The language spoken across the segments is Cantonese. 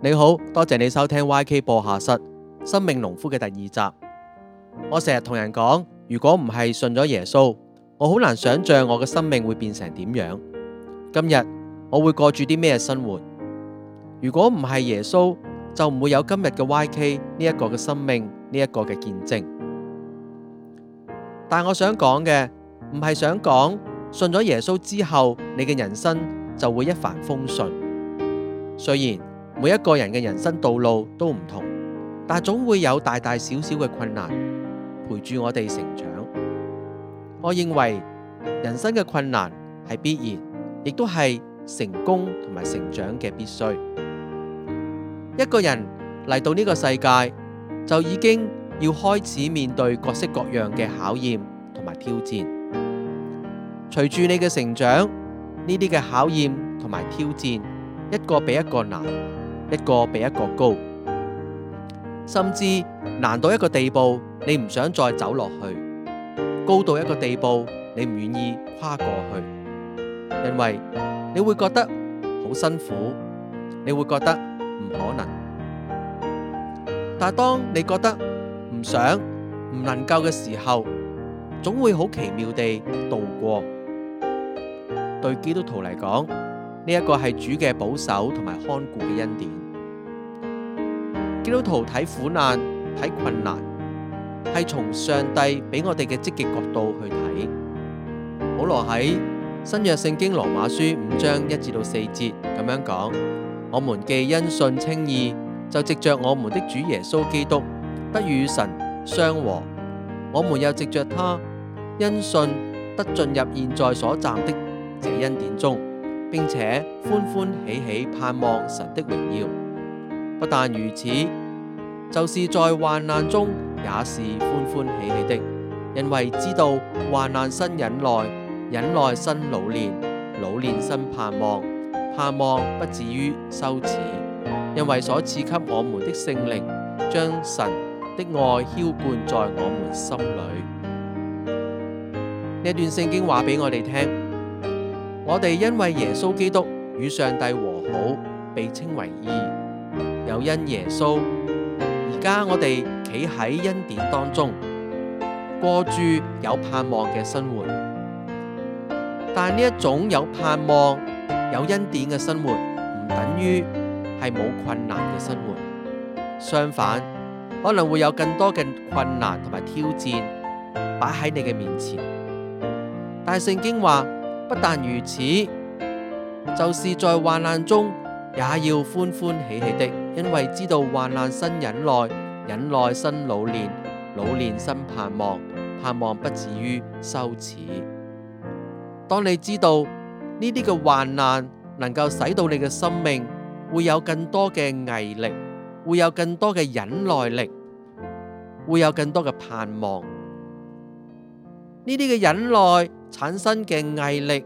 你好，多謝你收聽 YK 播客室「生命農夫」嘅第二集。我成日同人講，如果唔係信咗耶穌，我好難想象我嘅生命會變成點樣。今日我會過住啲咩生活？如果唔係耶穌，就唔會有今日嘅 YK 呢一個嘅生命，呢一個嘅見證。但我想講嘅，唔係想講信咗耶穌之後，你嘅人生就會一帆風順。雖然，每一個人嘅人生道路都唔同，但總會有大大小小嘅困難陪住我哋成長。我認為人生嘅困難係必然，亦都係成功同埋成長嘅必須。一個人嚟到呢個世界就已經要開始面對各式各樣嘅考驗同埋挑戰。隨住你嘅成長，呢啲嘅考驗同埋挑戰一個比一個難。一個比一個高，甚至難到一個地步，你唔想再走落去；高到一個地步，你唔願意跨過去，因為你會覺得好辛苦，你會覺得唔可能。但係當你覺得唔想、唔能夠嘅時候，總會好奇妙地度過。對基督徒嚟講。呢一個係主嘅保守同埋看顧嘅恩典。基督徒睇苦難、睇困難，係從上帝畀我哋嘅積極角度去睇。保羅喺新約聖經羅馬書五章一至到四節咁樣講：我們既因信稱義，就藉着我們的主耶穌基督，得與神相和；我們又藉着他因信得進入現在所站的這恩典中。並且歡歡喜喜盼望神的榮耀。不但如此，就是在患難中也是歡歡喜喜的，因為知道患難生忍耐，忍耐生老練，老練生盼望，盼望不至於羞恥。因為所賜給我們的聖靈，將神的愛澆灌在我們心裏。呢段聖經話俾我哋聽。我哋因為耶穌基督與上帝和好，被稱為義。有因耶穌，而家我哋企喺恩典當中，過住有盼望嘅生活。但呢一種有盼望，有恩典嘅生活，唔等於係冇困難嘅生活。相反，可能會有更多嘅困難同埋挑戰擺喺你嘅面前。但聖經話。不但如此，就是在患難中也要歡歡喜喜的，因為知道患難生忍耐，忍耐生老練，老練生盼望，盼望不至於羞恥。當你知道呢啲嘅患難能夠使到你嘅生命會有更多嘅毅力，會有更多嘅忍耐力，會有更多嘅盼望，呢啲嘅忍耐。產生嘅毅力，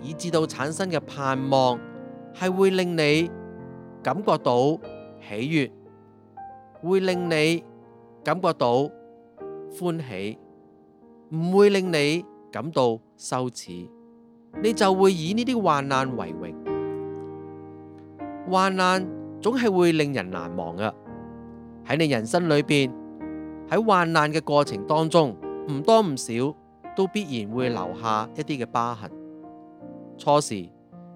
以至到產生嘅盼望，係會令你感覺到喜悅，會令你感覺到歡喜，唔會令你感到羞恥，你就會以呢啲患難為榮。患難總係會令人難忘㗎，喺你人生裏邊，喺患難嘅過程當中，唔多唔少。都必然會留下一啲嘅疤痕。初時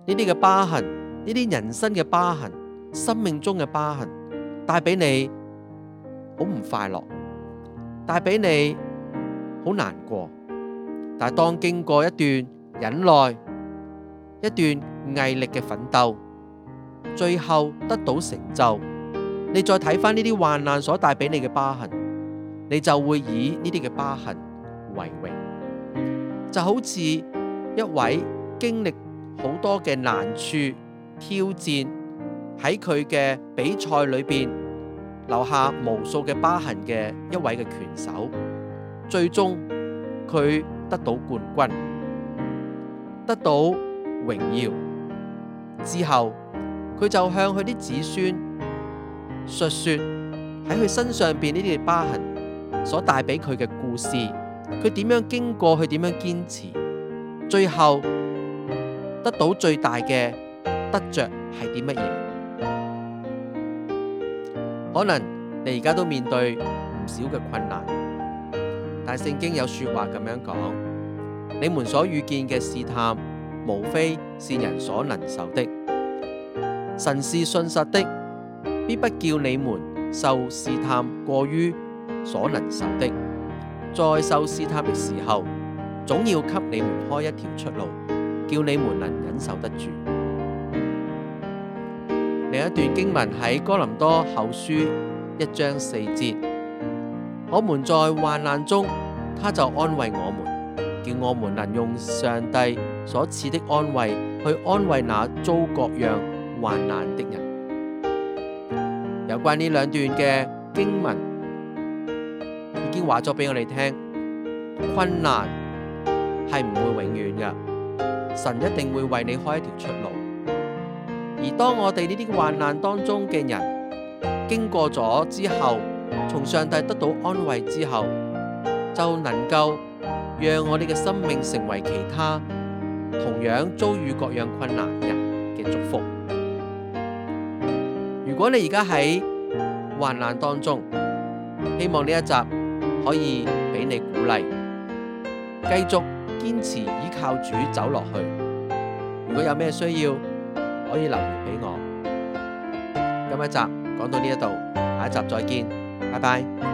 呢啲嘅疤痕，呢啲人生嘅疤痕，生命中嘅疤痕，帶俾你好唔快樂，帶俾你好難過。但當經過一段忍耐，一段毅力嘅奮鬥，最後得到成就，你再睇翻呢啲患難所帶俾你嘅疤痕，你就會以呢啲嘅疤痕為榮。就好似一位經歷好多嘅難處、挑戰，喺佢嘅比賽裏邊留下無數嘅疤痕嘅一位嘅拳手，最終佢得到冠軍、得到榮耀之後，佢就向佢啲子孫述說喺佢身上邊呢啲疤痕所帶俾佢嘅故事。佢點樣經過，佢點樣堅持，最後得到最大嘅得着係啲乜嘢？可能你而家都面對唔少嘅困難，但係聖經有話說話咁樣講：你們所遇見嘅試探，無非是人所能受的。神是信實的，必不叫你們受試探過於所能受的。在受試探的時候，總要給你們開一條出路，叫你們能忍受得住。另一段經文喺哥林多後書一章四節，我們在患難中，他就安慰我們，叫我們能用上帝所賜的安慰去安慰那遭各樣患難的人。有關呢兩段嘅經文。話咗俾我哋聽，困難係唔會永遠嘅，神一定會為你開一條出路。而當我哋呢啲患難當中嘅人經過咗之後，從上帝得到安慰之後，就能夠讓我哋嘅生命成為其他同樣遭遇各樣困難人嘅祝福。如果你而家喺患難當中，希望呢一集。可以俾你鼓勵，繼續堅持依靠主走落去。如果有咩需要，可以留言俾我。今一集講到呢一度，下一集再見，拜拜。